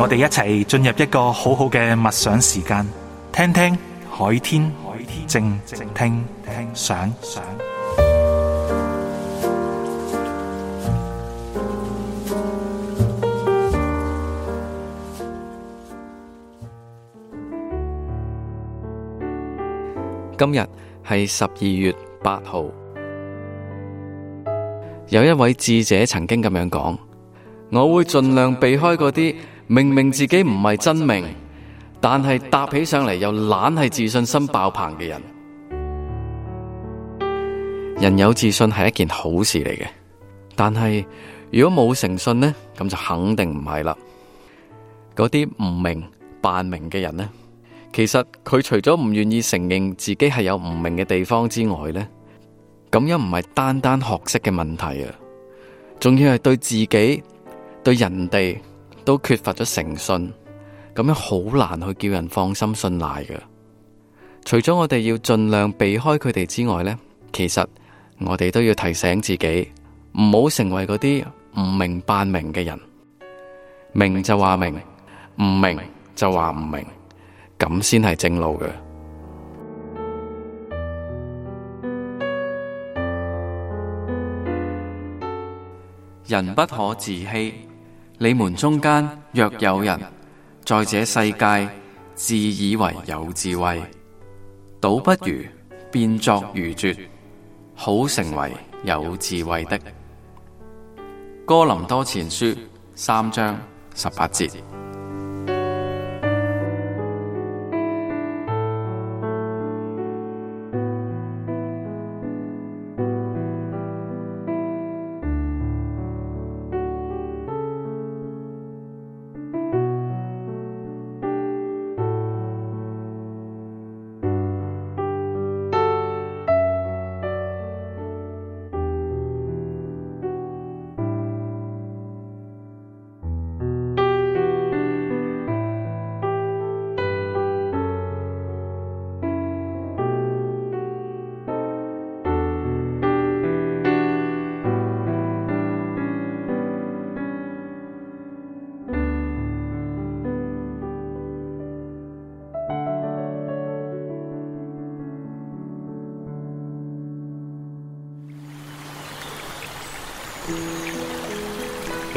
我哋一齊進入一個好好嘅默想時間，聽聽海天，海天靜靜聽想。今日係十二月八號，有一位智者曾經咁樣講：我會盡量避開嗰啲。明明自己唔係真明，明真，但係答起上嚟又懶係自信心爆棚嘅人。人有自信係一件好事嚟嘅，但係如果冇誠信呢，咁就肯定唔係啦。嗰啲唔明扮明嘅人呢，其實佢除咗唔願意承認自己係有唔明嘅地方之外呢，咁樣唔係單單學識嘅問題啊，仲要係對自己對人哋。都缺乏咗誠信，咁樣好難去叫人放心信賴嘅。除咗我哋要盡量避開佢哋之外，呢，其實我哋都要提醒自己，唔好成為嗰啲唔明扮明嘅人，明就話明，唔明就話唔明，咁先係正路嘅。人不可自欺。你們中間若有人在這世界自以為有智慧，倒不如變作愚拙，好成為有智慧的。哥林多前書三章十八節。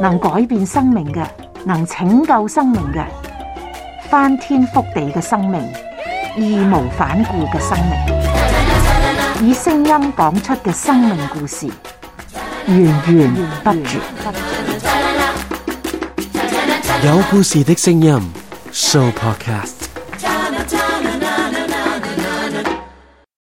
能改變生命嘅，能拯救生命嘅，翻天覆地嘅生命，義無反顧嘅生命，以聲音講出嘅生命故事，源源不絕。有故事的聲音，Sooo Podcast。